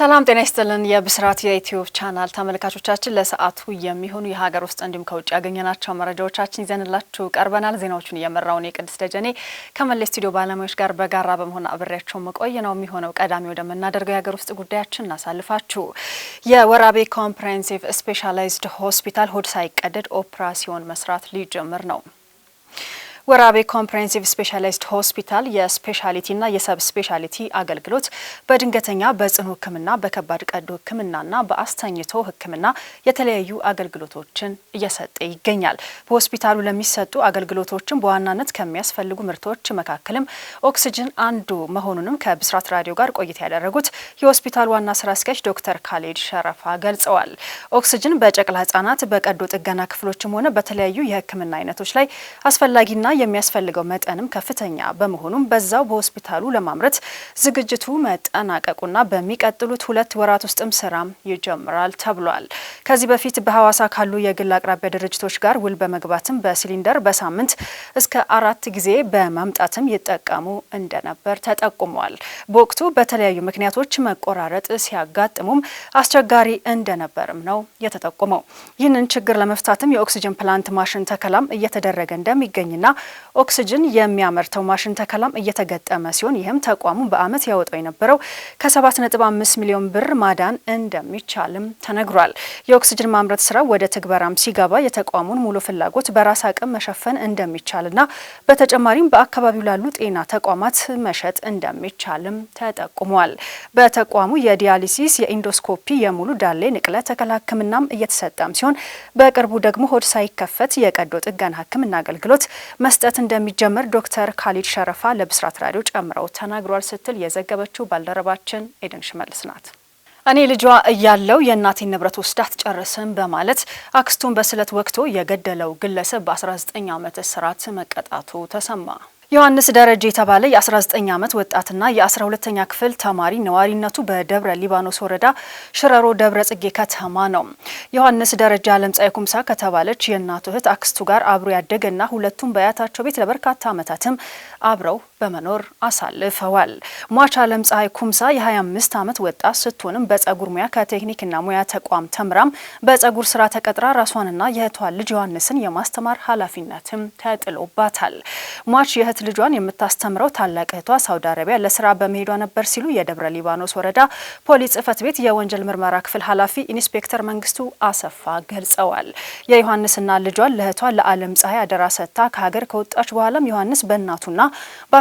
ሰላም ጤና ይስጥልን። የብስራት የዩቲዩብ ቻናል ተመልካቾቻችን ለሰዓቱ የሚሆኑ የሀገር ውስጥ እንዲሁም ከውጭ ያገኘናቸው መረጃዎቻችን ይዘንላችሁ ቀርበናል። ዜናዎቹን እየመራውን የቅድስት ደጀኔ ከመለ ስቱዲዮ ባለሙያዎች ጋር በጋራ በመሆን አብሬያቸው መቆየ ነው የሚሆነው። ቀዳሚ ወደምናደርገው የሀገር ውስጥ ጉዳያችን እናሳልፋችሁ። የወራቤ ኮምፕሬንሲቭ ስፔሻላይዝድ ሆስፒታል ሆድ ሳይቀደድ ኦፕራሲዮን መስራት ሊጀምር ነው። ወራቤ ኮምፕሬሄንሲቭ ስፔሻላይዝድ ሆስፒታል የስፔሻሊቲና የሰብ ስፔሻሊቲ አገልግሎት በድንገተኛ በጽኑ ሕክምና በከባድ ቀዶ ሕክምናና በአስተኝቶ ሕክምና የተለያዩ አገልግሎቶችን እየሰጠ ይገኛል። በሆስፒታሉ ለሚሰጡ አገልግሎቶችን በዋናነት ከሚያስፈልጉ ምርቶች መካከልም ኦክስጅን አንዱ መሆኑንም ከብስራት ራዲዮ ጋር ቆይታ ያደረጉት የሆስፒታሉ ዋና ስራ አስኪያጅ ዶክተር ካሌድ ሸረፋ ገልጸዋል። ኦክስጅን በጨቅላ ህጻናት በቀዶ ጥገና ክፍሎችም ሆነ በተለያዩ የህክምና አይነቶች ላይ አስፈላጊና የሚያስፈልገው መጠንም ከፍተኛ በመሆኑም በዛው በሆስፒታሉ ለማምረት ዝግጅቱ መጠናቀቁና በሚቀጥሉት ሁለት ወራት ውስጥም ስራም ይጀምራል ተብሏል። ከዚህ በፊት በሐዋሳ ካሉ የግል አቅራቢያ ድርጅቶች ጋር ውል በመግባትም በሲሊንደር በሳምንት እስከ አራት ጊዜ በማምጣትም ይጠቀሙ እንደነበር ተጠቁሟል። በወቅቱ በተለያዩ ምክንያቶች መቆራረጥ ሲያጋጥሙም አስቸጋሪ እንደነበርም ነው የተጠቁመው። ይህንን ችግር ለመፍታትም የኦክሲጅን ፕላንት ማሽን ተከላም እየተደረገ እንደሚገኝና ኦክስጅን የሚያመርተው ማሽን ተከላም እየተገጠመ ሲሆን ይህም ተቋሙ በዓመት ያወጣው የነበረው ከ7.5 ሚሊዮን ብር ማዳን እንደሚቻልም ተነግሯል። የኦክስጅን ማምረት ስራ ወደ ትግበራም ሲገባ የተቋሙን ሙሉ ፍላጎት በራስ አቅም መሸፈን እንደሚቻልና በተጨማሪም በአካባቢው ላሉ ጤና ተቋማት መሸጥ እንደሚቻልም ተጠቁሟል። በተቋሙ የዲያሊሲስ፣ የኢንዶስኮፒ፣ የሙሉ ዳሌ ንቅለ ተከላ ሕክምናም እየተሰጠም ሲሆን በቅርቡ ደግሞ ሆድ ሳይከፈት የቀዶ ጥገና ሕክምና አገልግሎት መስጠት እንደሚጀምር ዶክተር ካሊድ ሸረፋ ለብስራት ራዲዮ ጨምረው ተናግሯል ስትል የዘገበችው ባልደረባችን ኤደን ሽመልስ ናት። እኔ ልጇ እያለው የእናቴን ንብረት ወስዳ አትጨርስም በማለት አክስቱን በስለት ወቅቶ የገደለው ግለሰብ በ19 ዓመት እስራት መቀጣቱ ተሰማ። ዮሐንስ ደረጀ የተባለ የ19 ዓመት ወጣትና የ12ኛ ክፍል ተማሪ ነዋሪነቱ በደብረ ሊባኖስ ወረዳ ሽረሮ ደብረ ጽጌ ከተማ ነው። ዮሐንስ ደረጀ አለምፀሐይ ኩምሳ ከተባለች የእናቱ እህት አክስቱ ጋር አብሮ ያደገና ሁለቱም በአያታቸው ቤት ለበርካታ ዓመታትም አብረው በመኖር አሳልፈዋል። ሟች አለም ፀሐይ ኩምሳ የ25 ዓመት ወጣት ስትሆንም በጸጉር ሙያ ከቴክኒክና ሙያ ተቋም ተምራም በጸጉር ስራ ተቀጥራ ራሷንና የእህቷን ልጅ ዮሐንስን የማስተማር ኃላፊነትም ተጥሎባታል። ሟች የእህት ልጇን የምታስተምረው ታላቅ እህቷ ሳውዲ አረቢያ ለስራ በመሄዷ ነበር ሲሉ የደብረ ሊባኖስ ወረዳ ፖሊስ ጽህፈት ቤት የወንጀል ምርመራ ክፍል ኃላፊ ኢንስፔክተር መንግስቱ አሰፋ ገልጸዋል። የዮሐንስና ልጇን ለእህቷ ለአለም ፀሐይ አደራ ሰጥታ ከሀገር ከወጣች በኋላም ዮሐንስ በእናቱና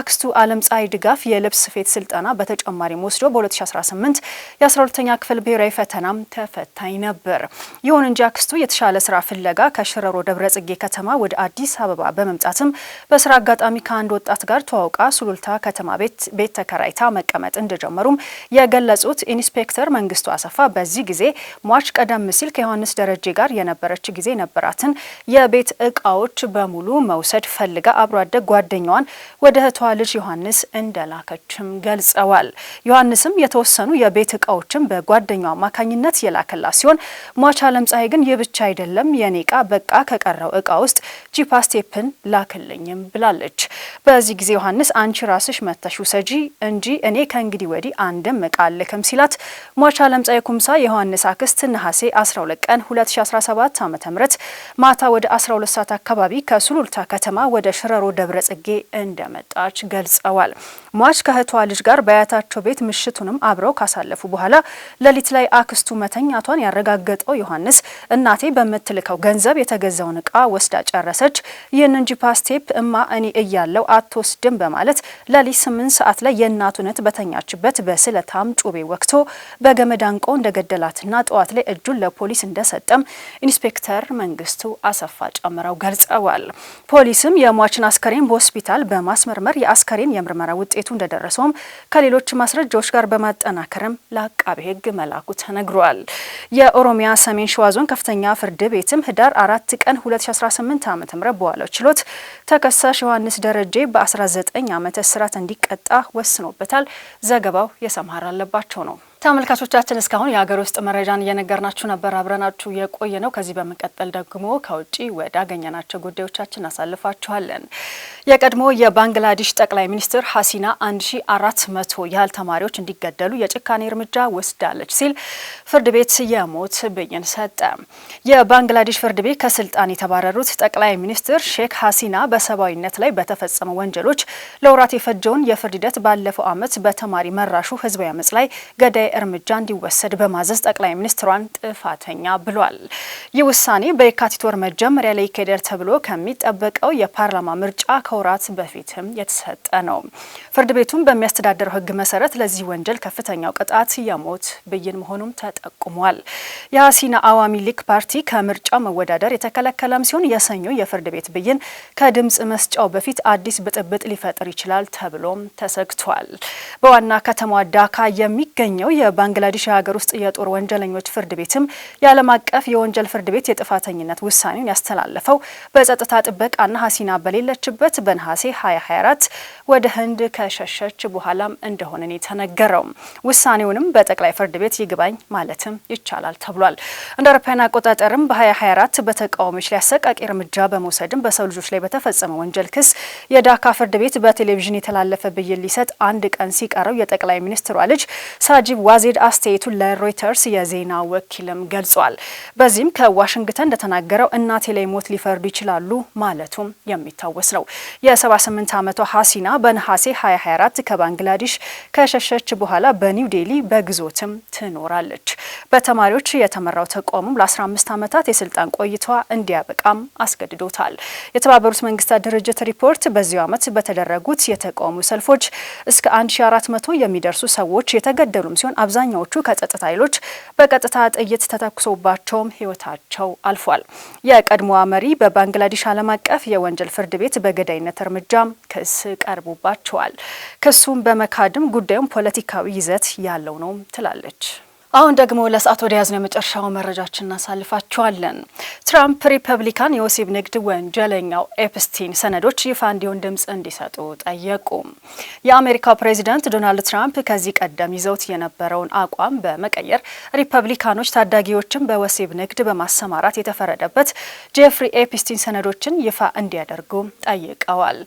አክስቱ አለም ፀሐይ ድጋፍ የልብስ ስፌት ስልጠና በተጨማሪም ወስዶ በ2018 የ12ተኛ ክፍል ብሔራዊ ፈተናም ተፈታኝ ነበር። ይሁን እንጂ አክስቱ የተሻለ ስራ ፍለጋ ከሽረሮ ደብረ ጽጌ ከተማ ወደ አዲስ አበባ በመምጣትም በስራ አጋጣሚ ከአንድ ወጣት ጋር ተዋውቃ ሱሉልታ ከተማ ቤት ተከራይታ መቀመጥ እንደጀመሩም የገለጹት ኢንስፔክተር መንግስቱ አሰፋ በዚህ ጊዜ ሟች ቀደም ሲል ከዮሐንስ ደረጄ ጋር የነበረች ጊዜ ነበራትን የቤት እቃዎች በሙሉ መውሰድ ፈልጋ አብሮ አደግ ጓደኛዋን ወደ እህቷ ልጅ ዮሐንስ እንደላከችም ገልጸዋል። ዮሐንስም የተወሰኑ የቤት እቃዎችን በጓደኛው አማካኝነት የላከላት ሲሆን ሟች ፀሐይ ግን ይህ ብቻ አይደለም የኔ እቃ በቃ ከቀረው እቃ ውስጥ ጂፓስቴፕን ላክልኝም ብላለች። በዚህ ጊዜ ዮሐንስ አንቺ ራስሽ መተሽ ውሰጂ እንጂ እኔ ከእንግዲህ ወዲህ አንድም እቃ አልክም ሲላት ሟች አለምፀሐይ ኩምሳ የዮሐንስ አክስት ነሐሴ 12 ቀን 2017 ዓ ም ማታ ወደ 12 ሰዓት አካባቢ ከሱሉልታ ከተማ ወደ ሽረሮ ደብረ ጽጌ እንደመጣች ገልጸዋል። ሟች ከእህቷ ልጅ ጋር በአያታቸው ቤት ምሽቱንም አብረው ካሳለፉ በኋላ ሌሊት ላይ አክስቱ መተኛቷን ያረጋገጠው ዮሐንስ እናቴ በምትልከው ገንዘብ የተገዛውን እቃ ወስዳ ጨረሰች፣ ይህን እንጂ ፓስቴፕ እማ እኔ እያለው አትወስድም በማለት ሌሊት ስምንት ሰዓት ላይ የእናቱነት በተኛችበት በስለታም ጩቤ ወቅቶ በገመድ አንቆ እንደገደላትና ጠዋት ላይ እጁን ለፖሊስ እንደሰጠም ኢንስፔክተር መንግስቱ አሰፋ ጨምረው ገልጸዋል። ፖሊስም የሟችን አስከሬን በሆስፒታል በማስመርመር አስከሬን የምርመራ ውጤቱ እንደደረሰውም ከሌሎች ማስረጃዎች ጋር በማጠናከርም ለአቃቤ ሕግ መላኩ ተነግሯል። የኦሮሚያ ሰሜን ሸዋ ዞን ከፍተኛ ፍርድ ቤትም ህዳር አራት ቀን 2018 ዓ ም በዋለው ችሎት ተከሳሽ ዮሐንስ ደረጀ በ19 ዓመት እስራት እንዲቀጣ ወስኖበታል። ዘገባው የሰምሃር አለባቸው ነው። ተመልካቾቻችን እስካሁን የሀገር ውስጥ መረጃን እየነገርናችሁ ነበር፣ አብረናችሁ የቆየ ነው። ከዚህ በመቀጠል ደግሞ ከውጭ ወደ አገኘናቸው ጉዳዮቻችን እናሳልፋችኋለን። የቀድሞ የባንግላዴሽ ጠቅላይ ሚኒስትር ሀሲና 1400 ያህል ተማሪዎች እንዲገደሉ የጭካኔ እርምጃ ወስዳለች ሲል ፍርድ ቤት የሞት ብይን ሰጠ። የባንግላዴሽ ፍርድ ቤት ከስልጣን የተባረሩት ጠቅላይ ሚኒስትር ሼክ ሀሲና በሰብአዊነት ላይ በተፈጸሙ ወንጀሎች ለወራት የፈጀውን የፍርድ ሂደት ባለፈው ዓመት በተማሪ መራሹ ህዝባዊ አመፅ ላይ ገዳይ እርምጃ እንዲወሰድ በማዘዝ ጠቅላይ ሚኒስትሯን ጥፋተኛ ብሏል። ይህ ውሳኔ በየካቲት ወር መጀመሪያ ላይ ይካሄዳል ተብሎ ከሚጠበቀው የፓርላማ ምርጫ ከወራት በፊትም የተሰጠ ነው። ፍርድ ቤቱም በሚያስተዳደረው ሕግ መሰረት ለዚህ ወንጀል ከፍተኛው ቅጣት የሞት ብይን መሆኑም ተጠቁሟል። የሀሲና አዋሚ ሊግ ፓርቲ ከምርጫው መወዳደር የተከለከለም ሲሆን የሰኞ የፍርድ ቤት ብይን ከድምፅ መስጫው በፊት አዲስ ብጥብጥ ሊፈጥር ይችላል ተብሎም ተሰግቷል። በዋና ከተማዋ ዳካ የሚገኘው የባንግላዴሽ የሀገር ውስጥ የጦር ወንጀለኞች ፍርድ ቤትም የዓለም አቀፍ የወንጀል ፍርድ ቤት የጥፋተኝነት ውሳኔውን ያስተላለፈው በጸጥታ ጥበቃና ሀሲና በሌለችበት በነሐሴ 2024 ወደ ህንድ ከሸሸች በኋላም እንደሆነን የተነገረው ውሳኔውንም በጠቅላይ ፍርድ ቤት ይግባኝ ማለትም ይቻላል ተብሏል። እንደ አውሮፓውያን አቆጣጠርም በ2024 በተቃዋሚዎች ላይ አሰቃቂ እርምጃ በመውሰድም በሰው ልጆች ላይ በተፈጸመ ወንጀል ክስ የዳካ ፍርድ ቤት በቴሌቪዥን የተላለፈ ብይን ሊሰጥ አንድ ቀን ሲቀረው የጠቅላይ ሚኒስትሯ ልጅ ሳጂብ ዋዜድ አስተያየቱን ለሮይተርስ የዜና ወኪልም ገልጿል። በዚህም ከዋሽንግተን እንደተናገረው እናቴ ላይ ሞት ሊፈርዱ ይችላሉ ማለቱም የሚታወስ ነው። የ78 ዓመቷ ሀሲና በነሐሴ 2024 ከባንግላዴሽ ከሸሸች በኋላ በኒው ዴሊ በግዞትም ትኖራለች። በተማሪዎች የተመራው ተቋሙም ለ15 ዓመታት የስልጣን ቆይታ እንዲያበቃም አስገድዶታል። የተባበሩት መንግስታት ድርጅት ሪፖርት በዚሁ ዓመት በተደረጉት የተቃውሞ ሰልፎች እስከ 1400 የሚደርሱ ሰዎች የተገደሉም ሲሆን አብዛኛዎቹ ከጸጥታ ኃይሎች በቀጥታ ጥይት ተተኩሶባቸውም ህይወታቸው አልፏል። የቀድሞዋ መሪ በባንግላዴሽ ዓለም አቀፍ የወንጀል ፍርድ ቤት በገዳይነት እርምጃም ክስ ቀርቦባቸዋል። ክሱም በመካድም ጉዳዩም ፖለቲካዊ ይዘት ያለው ነው ትላለች። አሁን ደግሞ ለሰዓት ወደ ያዝነው የመጨረሻው መረጃችን እናሳልፋችኋለን። ትራምፕ ሪፐብሊካን የወሲብ ንግድ ወንጀለኛው ኤፕስቲን ሰነዶች ይፋ እንዲሆን ድምፅ እንዲሰጡ ጠየቁ። የአሜሪካው ፕሬዚዳንት ዶናልድ ትራምፕ ከዚህ ቀደም ይዘውት የነበረውን አቋም በመቀየር ሪፐብሊካኖች ታዳጊዎችን በወሲብ ንግድ በማሰማራት የተፈረደበት ጄፍሪ ኤፕስቲን ሰነዶችን ይፋ እንዲያደርጉ ጠይቀዋል።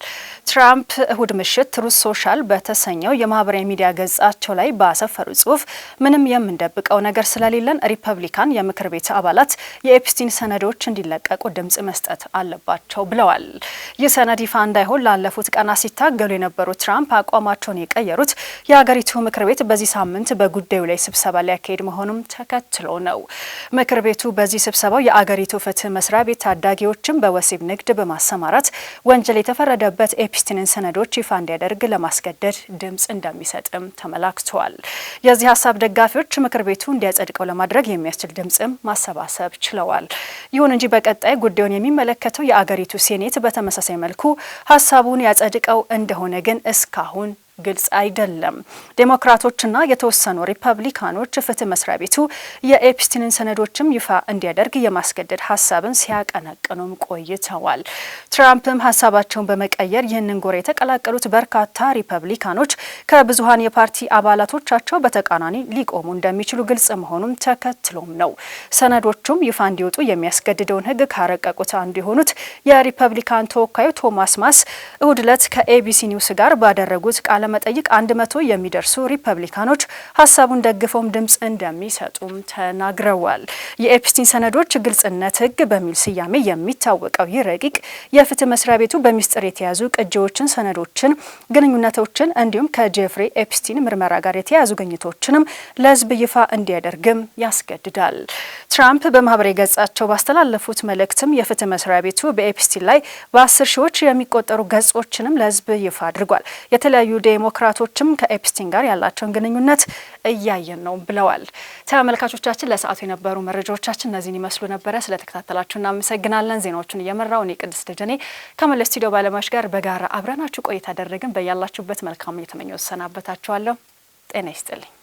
ትራምፕ እሁድ ምሽት ትሩዝ ሶሻል በተሰኘው የማህበራዊ ሚዲያ ገጻቸው ላይ ባሰፈሩ ጽሁፍ ምንም የምንደ የምንጠብቀው ነገር ስለሌለን ሪፐብሊካን የምክር ቤት አባላት የኤፕስቲን ሰነዶች እንዲለቀቁ ድምጽ መስጠት አለባቸው ብለዋል። ይህ ሰነድ ይፋ እንዳይሆን ላለፉት ቀናት ሲታገሉ የነበሩት ትራምፕ አቋማቸውን የቀየሩት የሀገሪቱ ምክር ቤት በዚህ ሳምንት በጉዳዩ ላይ ስብሰባ ሊያካሄድ መሆኑም ተከትሎ ነው። ምክር ቤቱ በዚህ ስብሰባው የአገሪቱ ፍትህ መስሪያ ቤት ታዳጊዎችን በወሲብ ንግድ በማሰማራት ወንጀል የተፈረደበት ኤፕስቲንን ሰነዶች ይፋ እንዲያደርግ ለማስገደድ ድምጽ እንደሚሰጥም ተመላክተዋል። የዚህ ሀሳብ ደጋፊዎች ምክር ምክር ቤቱ እንዲያጸድቀው ለማድረግ የሚያስችል ድምፅም ማሰባሰብ ችለዋል። ይሁን እንጂ በቀጣይ ጉዳዩን የሚመለከተው የአገሪቱ ሴኔት በተመሳሳይ መልኩ ሀሳቡን ያጸድቀው እንደሆነ ግን እስካሁን ግልጽ አይደለም። ዴሞክራቶችና የተወሰኑ ሪፐብሊካኖች ፍትህ መስሪያ ቤቱ የኤፕስቲንን ሰነዶችም ይፋ እንዲያደርግ የማስገደድ ሀሳብን ሲያቀነቅኑም ቆይተዋል። ትራምፕም ሀሳባቸውን በመቀየር ይህንን ጎራ የተቀላቀሉት በርካታ ሪፐብሊካኖች ከብዙሀን የፓርቲ አባላቶቻቸው በተቃራኒ ሊቆሙ እንደሚችሉ ግልጽ መሆኑም ተከትሎም ነው። ሰነዶቹም ይፋ እንዲወጡ የሚያስገድደውን ህግ ካረቀቁት አንዱ የሆኑት የሪፐብሊካን ተወካዩ ቶማስ ማስ እሁድ ዕለት ከኤቢሲ ኒውስ ጋር ባደረጉት ቃል ለመጠይቅ 100 የሚደርሱ ሪፐብሊካኖች ሀሳቡን ደግፈውም ድምጽ እንደሚሰጡም ተናግረዋል። የኤፕስቲን ሰነዶች ግልጽነት ህግ በሚል ስያሜ የሚታወቀው ይህ ረቂቅ የፍትህ መስሪያ ቤቱ በሚስጥር የተያዙ ቅጂዎችን፣ ሰነዶችን፣ ግንኙነቶችን እንዲሁም ከጄፍሪ ኤፕስቲን ምርመራ ጋር የተያዙ ግኝቶችንም ለህዝብ ይፋ እንዲያደርግም ያስገድዳል። ትራምፕ በማህበሬ ገጻቸው ባስተላለፉት መልእክትም የፍትህ መስሪያ ቤቱ በኤፕስቲን ላይ በአስር ሺዎች የሚቆጠሩ ገጾችንም ለህዝብ ይፋ አድርጓል። የተለያዩ ዴሞክራቶችም ከኤፕስቲን ጋር ያላቸውን ግንኙነት እያየን ነው ብለዋል። ተመልካቾቻችን ለሰዓቱ የነበሩ መረጃዎቻችን እነዚህን ይመስሉ ነበረ። ስለተከታተላችሁ እናመሰግናለን። ዜናዎቹን እየመራው እኔ ቅድስት ደጀኔ ከመለስ ስቱዲዮ ባለሙያዎች ጋር በጋራ አብረናችሁ ቆይታ አደረግን። በያላችሁበት መልካሙን እየተመኘሁ ሰናበታችኋለሁ። ጤና ይስጥልኝ።